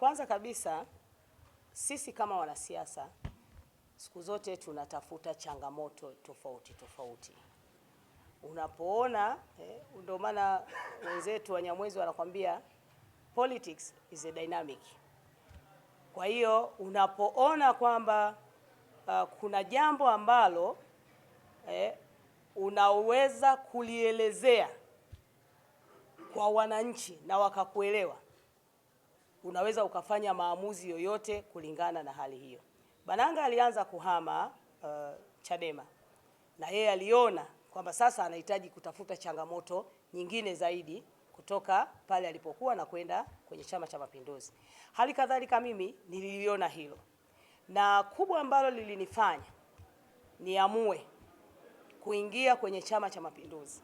Kwanza kabisa sisi kama wanasiasa siku zote tunatafuta changamoto tofauti tofauti unapoona eh, ndio maana wenzetu Wanyamwezi wanakwambia politics is a dynamic. Kwa hiyo unapoona kwamba uh, kuna jambo ambalo eh, unaweza kulielezea kwa wananchi na wakakuelewa unaweza ukafanya maamuzi yoyote kulingana na hali hiyo. Bananga alianza kuhama uh, Chadema na yeye aliona kwamba sasa anahitaji kutafuta changamoto nyingine zaidi kutoka pale alipokuwa na kwenda kwenye Chama cha Mapinduzi. Hali kadhalika mimi nililiona hilo, na kubwa ambalo lilinifanya niamue kuingia kwenye Chama cha Mapinduzi,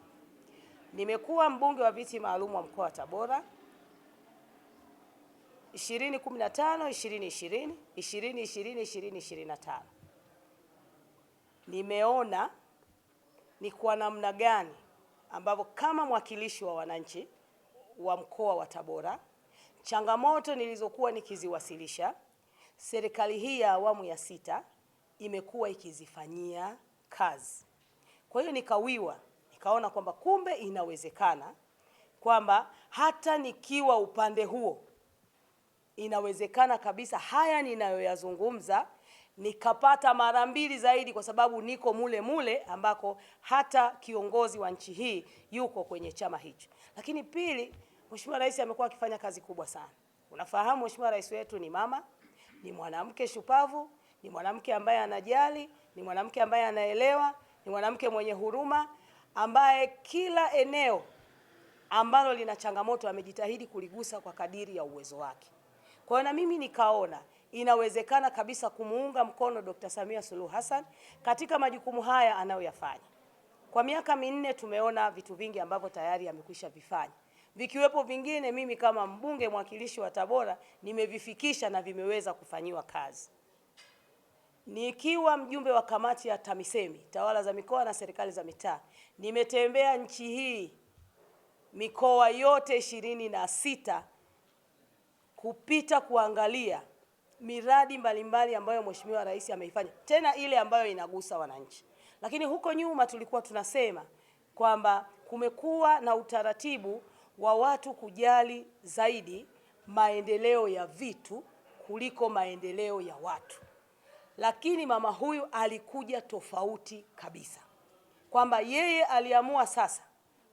nimekuwa mbunge wa viti maalum wa mkoa wa Tabora Nimeona ni kwa namna gani ambavyo kama mwakilishi wa wananchi wa mkoa wa Tabora, changamoto nilizokuwa nikiziwasilisha, serikali hii ya awamu ya sita imekuwa ikizifanyia kazi. Kwa hiyo nikawiwa, nikaona kwamba kumbe inawezekana kwamba hata nikiwa upande huo inawezekana kabisa haya ninayoyazungumza nikapata mara mbili zaidi, kwa sababu niko mule mule ambako hata kiongozi wa nchi hii yuko kwenye chama hicho. Lakini pili, Mheshimiwa Rais amekuwa akifanya kazi kubwa sana. Unafahamu Mheshimiwa Rais wetu ni mama, ni mwanamke shupavu, ni mwanamke ambaye anajali, ni mwanamke ambaye anaelewa, ni mwanamke mwenye huruma, ambaye kila eneo ambalo lina changamoto amejitahidi kuligusa kwa kadiri ya uwezo wake. Kwa hiyo na mimi nikaona inawezekana kabisa kumuunga mkono Dr. Samia Suluhu Hassan katika majukumu haya anayoyafanya. Kwa miaka minne tumeona vitu vingi ambavyo tayari amekwisha vifanya, vikiwepo vingine mimi kama mbunge mwakilishi wa Tabora nimevifikisha na vimeweza kufanyiwa kazi. Nikiwa mjumbe wa kamati ya TAMISEMI, tawala za mikoa na serikali za mitaa, nimetembea nchi hii mikoa yote ishirini na sita kupita kuangalia miradi mbalimbali ambayo Mheshimiwa Rais ameifanya, tena ile ambayo inagusa wananchi. Lakini huko nyuma tulikuwa tunasema kwamba kumekuwa na utaratibu wa watu kujali zaidi maendeleo ya vitu kuliko maendeleo ya watu, lakini mama huyu alikuja tofauti kabisa, kwamba yeye aliamua sasa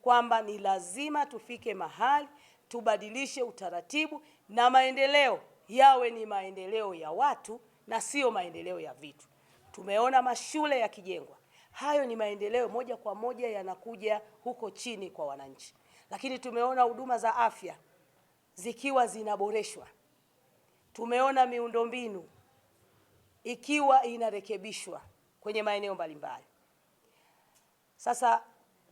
kwamba ni lazima tufike mahali tubadilishe utaratibu na maendeleo yawe ni maendeleo ya watu na sio maendeleo ya vitu. Tumeona mashule yakijengwa, hayo ni maendeleo moja kwa moja yanakuja huko chini kwa wananchi, lakini tumeona huduma za afya zikiwa zinaboreshwa, tumeona miundombinu ikiwa inarekebishwa kwenye maeneo mbalimbali. Sasa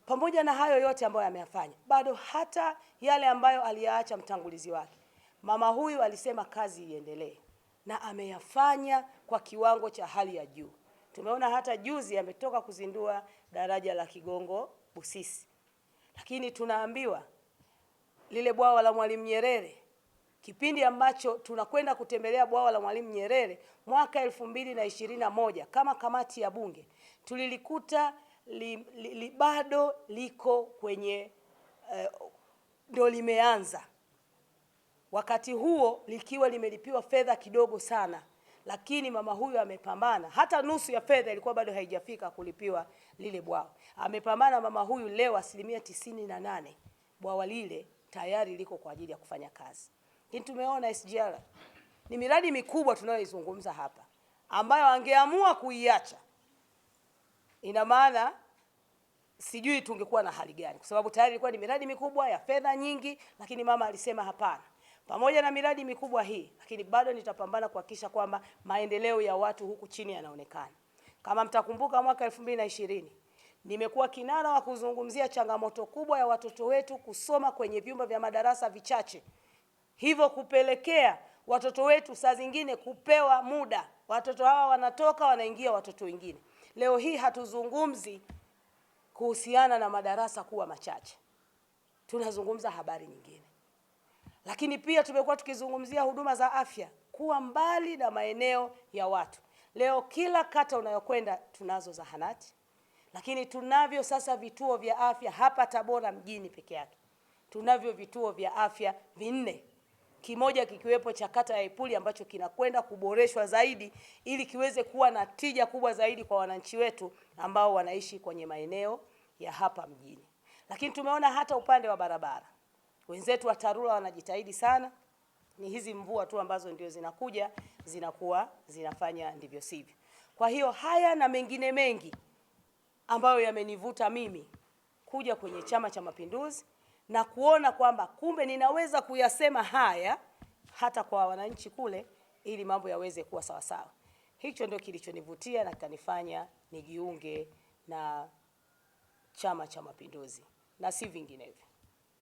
pamoja na hayo yote ambayo ameyafanya, bado hata yale ambayo aliyaacha mtangulizi wake, mama huyu alisema kazi iendelee, na ameyafanya kwa kiwango cha hali ya juu. Tumeona hata juzi ametoka kuzindua daraja la Kigongo Busisi, lakini tunaambiwa lile bwawa la Mwalimu Nyerere kipindi ambacho tunakwenda kutembelea bwawa la Mwalimu Nyerere mwaka elfu mbili na ishirini na moja kama kamati ya Bunge tulilikuta li, li, li bado liko kwenye eh, ndo eh, limeanza wakati huo likiwa limelipiwa fedha kidogo sana, lakini mama huyu amepambana. Hata nusu ya fedha ilikuwa bado haijafika kulipiwa lile bwawa. Amepambana mama huyu, leo asilimia tisini na nane bwawa lile tayari liko kwa ajili ya kufanya kazi. Lakini tumeona SGR ni miradi mikubwa tunayoizungumza hapa, ambayo angeamua kuiacha, ina maana sijui tungekuwa na hali gani, kwa sababu tayari ilikuwa ni miradi mikubwa ya fedha nyingi, lakini mama alisema hapana, pamoja na miradi mikubwa hii, lakini bado nitapambana kuhakikisha kwamba maendeleo ya watu huku chini yanaonekana. Kama mtakumbuka, mwaka elfu mbili na ishirini nimekuwa kinara wa kuzungumzia changamoto kubwa ya watoto wetu kusoma kwenye vyumba vya madarasa vichache, hivyo kupelekea watoto wetu saa zingine kupewa muda, watoto hawa wanatoka wanaingia watoto wengine. Leo hii hatuzungumzi kuhusiana na madarasa kuwa machache, tunazungumza habari nyingine. Lakini pia tumekuwa tukizungumzia huduma za afya kuwa mbali na maeneo ya watu. Leo kila kata unayokwenda tunazo zahanati, lakini tunavyo sasa vituo vya afya hapa Tabora mjini peke yake tunavyo vituo vya afya vinne kimoja kikiwepo cha kata ya Ipuli ambacho kinakwenda kuboreshwa zaidi ili kiweze kuwa na tija kubwa zaidi kwa wananchi wetu ambao wanaishi kwenye maeneo ya hapa mjini. Lakini tumeona hata upande wa barabara wenzetu wa TARURA wanajitahidi sana. Ni hizi mvua tu ambazo ndio zinakuja zinakuwa zinafanya ndivyo sivyo. Kwa hiyo haya na mengine mengi ambayo yamenivuta mimi kuja kwenye Chama cha Mapinduzi na kuona kwamba kumbe ninaweza kuyasema haya hata kwa wananchi kule, ili mambo yaweze kuwa sawasawa. Hicho ndio kilichonivutia na kikanifanya nijiunge na Chama cha Mapinduzi na si vinginevyo.